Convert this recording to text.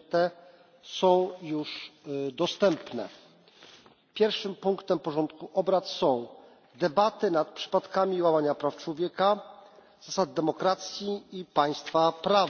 dostępne są już dostępne. pierwszym punktem porządku obrad są debaty nad przypadkami łamania praw człowieka zasad demokracji i państwa prawa.